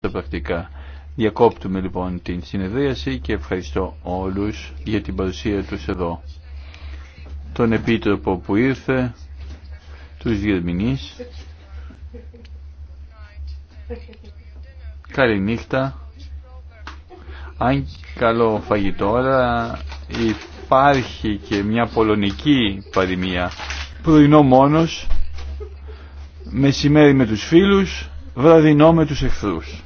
τα πρακτικά. Διακόπτουμε λοιπόν την συνεδρίαση και ευχαριστώ όλους για την παρουσία τους εδώ. Τον Επίτροπο που ήρθε, τους διερμηνείς. Καληνύχτα. Αν καλό φαγητό, αλλά υπάρχει και μια πολωνική παροιμία. Πρωινό μόνος, μεσημέρι με τους φίλους, βραδινό τους εχθρούς.